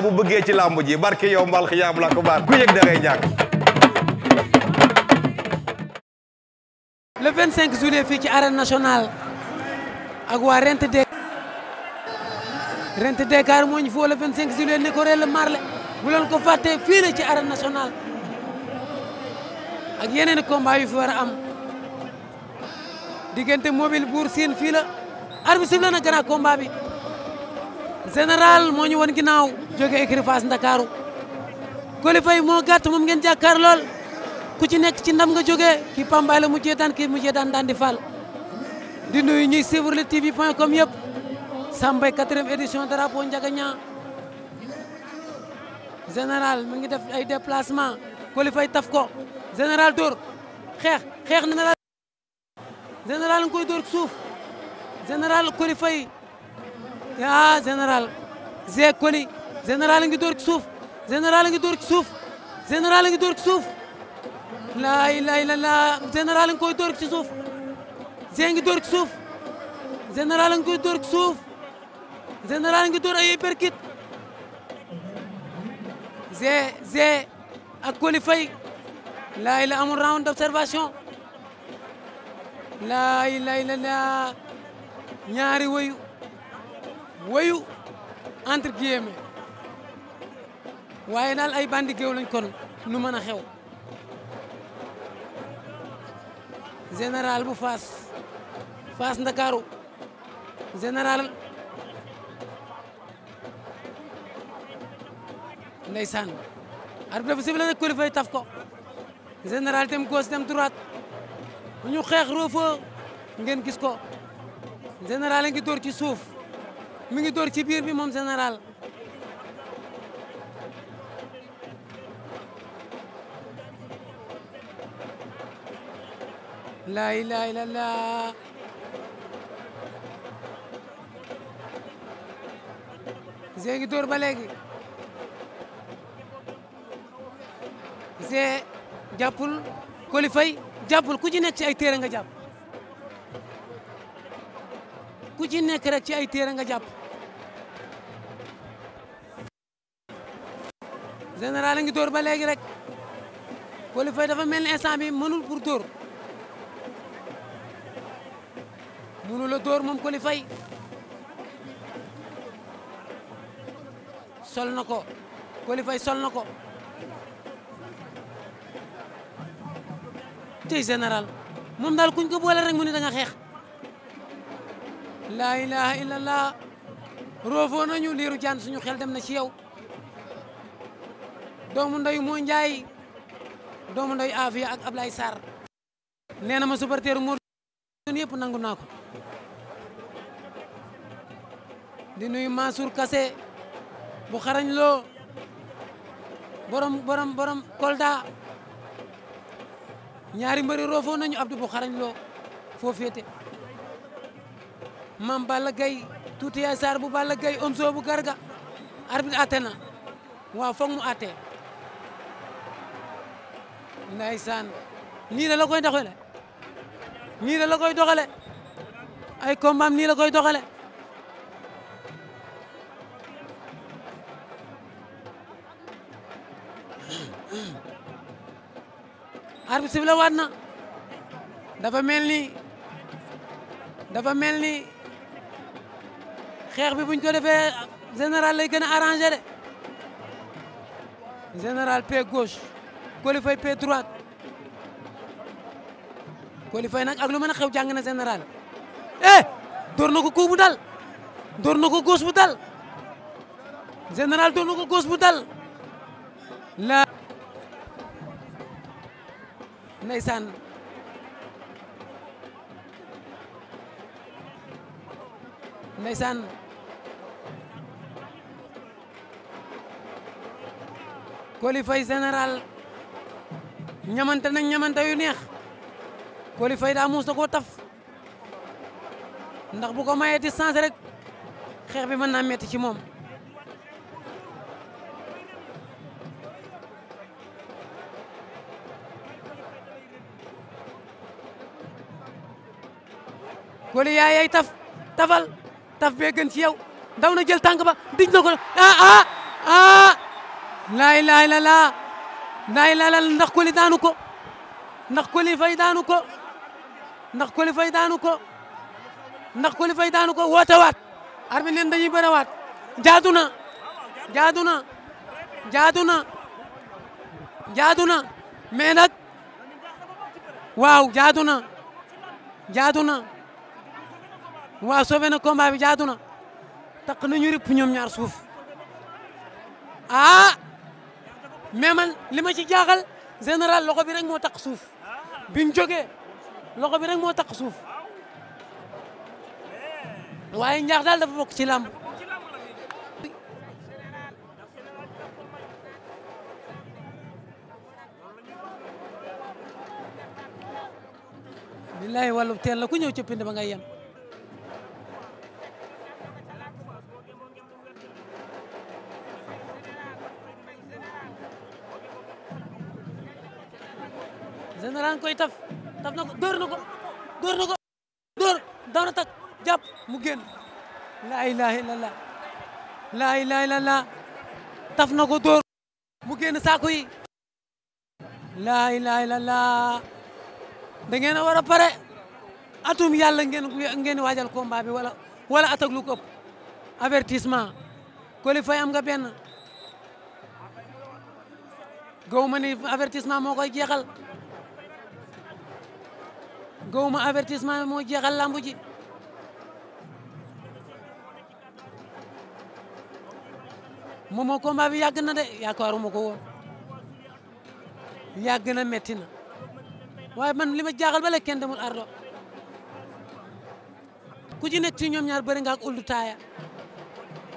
naa bëggee ci làmb ji barke yow mbal xiyaam la ko baar ku yëg da fii ci arène national ak waa rent de rent Dakar moo ñu fi woo le 25 juillet ne ko rel marle bu ko fàttee fii ci arène national ak yeneen combat fi war am diggante mobile buur siin fii la arbitre bi sifle na général moo ñu won ginnaaw jóge écurie Ndakaaru Coly moo gàtt moom ngeen jàkkaar lool ku ci nekk ci ndam nga jógee ki Pambaay la mujjee daan kii mujjee daan di fal di nuyu ñuy suivre le tv point com yëpp Sambay quatrième édition drapeau Ndiaga Niang général mu ngi def ay déplacement Coly Faye taf ko général dóor xeex xeex général général nga koy dóor suuf général Coly yaa général Zé Coly général ngi door ci suuf général a ngi door ci suuf général a ngi ci suuf laa ilaaha illallaah général a ngi door ci suuf Zé ngi door ci suuf général ngi koy door ci suuf général ngi door ay perkit Zé Zé ak Coly Faye la ilaaha amul round d'observation laa la la ñaari woyu wayu entre guillemets waaye daal ay bandi géew lañ kon nu mën a xew général bu Fass Fass Ndakaaru général ndeysaan arbitre bi sifflé na Coly Faye taf ko général dem gauche dem droite ñu xeex roofoo ngeen gis ko général a ngi dóor ci suuf mi ngi door ci biir bi moom général. laa ilaaha illallaah Zé ngi dóor ba léegi Zé jàppul Coly Faye jàppul ku ci nekk ay téere nga jàpp ku ci nekk rek ci ay téere nga jàpp général a ngi dóor ba léegi rek Coly dafa mel ni instant bi mënul pour dóor mënul a dóor moom Coly sol na ko Coly sol na ko tey général moom daal kuñ ko boole rek mu ne da xeex laa ilaha illallah roofoo liiru jaan suñu xel dem na ci yow doomu ndeyu moo njaay doomu ndeyu Afia ak Ablaye Sarr nee na ma supporteeru Mor yëpp nangu naa ko di nuyu Mansour kase bu xarañ loo borom borom borom Kolda ñaari mbëri roofoo nañu Abdou bu xarañ loo foo maam Balla Gaye tuuti yaay bu Balla Gaye Omzo bu Garga arbitre atte na waaw foog mu atte ndaysaan nii la la koy doxale nii la la koy doxale ay combat am nii la koy doxale arbitre bi la waat na dafa mel ni dafa mel ni xeex bi buñ ko defee général lay gën a arrangé de général pied gauche Coly Faye pied droite Coly nag ak lu mën a xew jàng na général eh door na ko coup dal door na ko gauche bu dal général door na ko gauche bu dal la ndeysaan ndeysaan Coly général ñamante nañ ñamante yu neex Coly Faye daa koo taf ndax bu ko mayee distance rek xeex bi mën naa meti ci moom Coly yaay taf tafal taf bee gën ci yow daw na jël tànk ba dij na ko ah, ah, ah. laay laay la laa laay la la ndax Coly daanu ko ndax Coly Faye daanu ko ndax Coly Faye daanu ko ndax Coly Faye daanu ko woote waat arbitre leen dañuy bëre waat jaadu na jaadu na jaadu na jaadu na mais nag waaw jaadu na jaadu na waa waaw sauvé na maa bi jaadu na taq na rëpp ñoom ñaar suuf ah mais man li ma ci jaaxal général loxo bi rek moo tax suuf biñ joge loxo bi rek moo tax suuf waaye ñaax daal dafa bokk ci làmb billahi wàllu teel la ku ñëw ci pind ba ngay yem général koy taf taf na ko dóor na ko dóor na ko dóor daw na tak jàpp mu génn laa ilaha illallah laa ilaha illallah taf na ko dóor mu génn saako yi laa ilaha illallah da ngeen a war a pare atum yàlla ngeen ngeen waajal combat bi wala wala atak lu ko ëpp avertissement am nga benn gaw ma ni avertissement moo koy jeexal gawma avertissement bi moo jeexal lamb ji moom moo combat bi yàgg na de yaakaaruma ko woon yàgg na metti na waaye man li ma jaaxal ba la kenn demul ardo ku ci nekk ci ñoom ñaar bëri nga ak uldu taaya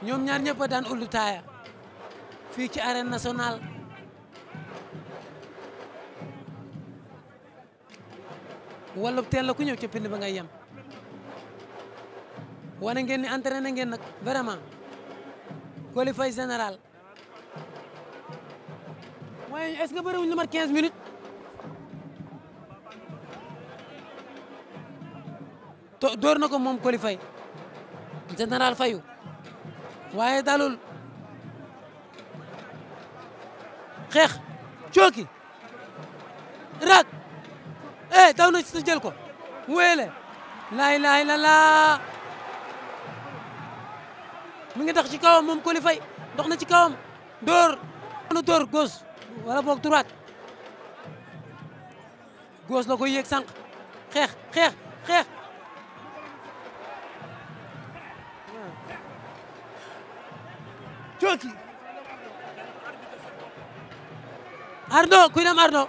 ñoom ñaar ñëpp daan uldu taaya fii ci arène national wala teel la ku ñëw ca pind ba ngay yem wane ngeen ni na ngeen nag vraiment qualifié général waaye est-ce que bëriwuñ lu mat 15 minutes to door na ko moom qualifié général fayu waaye dalul xeex cooki raak eh taw na ci sa jël ko wéele laay laay la laa mi ngi dox ci kawam moom Coly Faye na ci kawam dóor na dóor gauche wala boog droite gauche la ko yéeg sànq xeex xeex xeex cooki ardo kuy dem ardo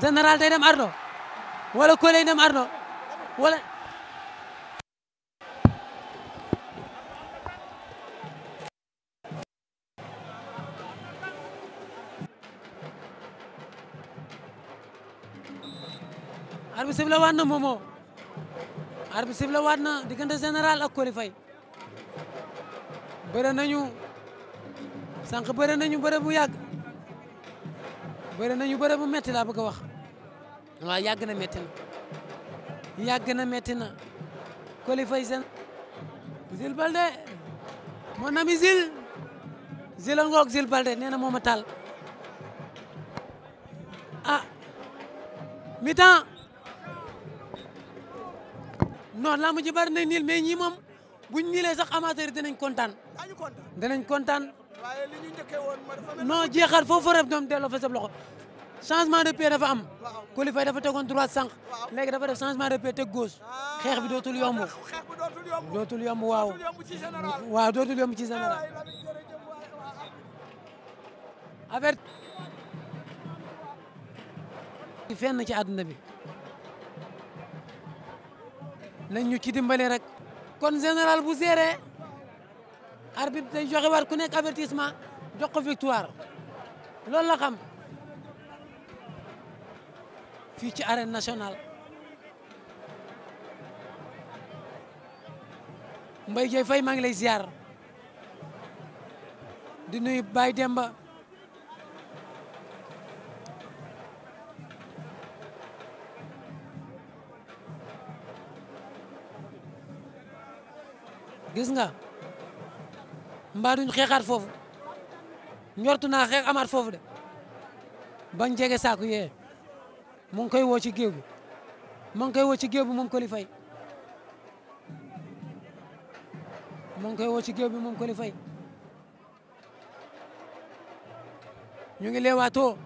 général day dem ardo wala dem arno wala arbi sif la waat na moomoo arbi sif la waat na diggante général ak Coly Faye bëre nañu sànq bëre ñu bëre bu yàgg bëre nañu bëre bu metti laa bëgg wax waa yàgg na métti na yàgg na métti na Coly Faye seen Jules Balde mon ami Jules Jules ngoog Jules Balde nee na moom a taal ah mi-temps non laa mu ci bari nañ niil mais ñii moom buñ niilee sax amateur dinañ kontaan danañ kontaan non jeexal foofu rek ñoom delloo fa sa loxo changement de pied dafa am Coly Faye dafa tegoon droite sànq léegi dafa def changement de pied teg gauche xeex bi dootul yomb dootul yomb waaw waaw dootul yomb ci général affaire ci fenn ci àdduna bi nañ ñu ci dimbali rek kon général bu géré arbitre day joxe ku nekk avertissement jox ko victoire loolu la xam fii ci arène nationale Mbaye Dieye Faye maa ngi lay ziar di nuyu Baye Demba gis nga mbaa duñ xeexaat foofu njortu naa xeex foofu de bañ jege saako yee mu ngi koy woo ci géew bi mu ngi koy woo ci géew bi moom Coly Faye mu ngi koy woo ci géew bi moom Coly Faye ñu ngi leewaatoo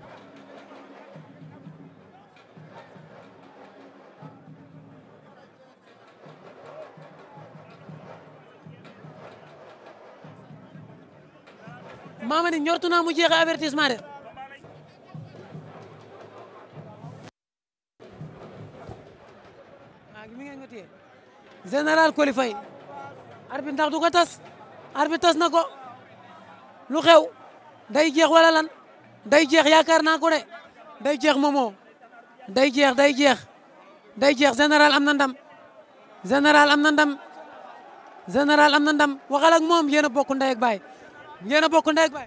maama ni ñortu naa mu jeexe avertissement de général Coly Faye arbitre ndax du ko tas arbitre tas na ko lu xew day jeex wala lan day jeex yaakaar naa ko de day jeex moomoo day jeex day jeex day jeex général am na ndam général am na ndam général am na ndam waxal moom yéen bokku bokk ndey ak baay yéen a bokk baay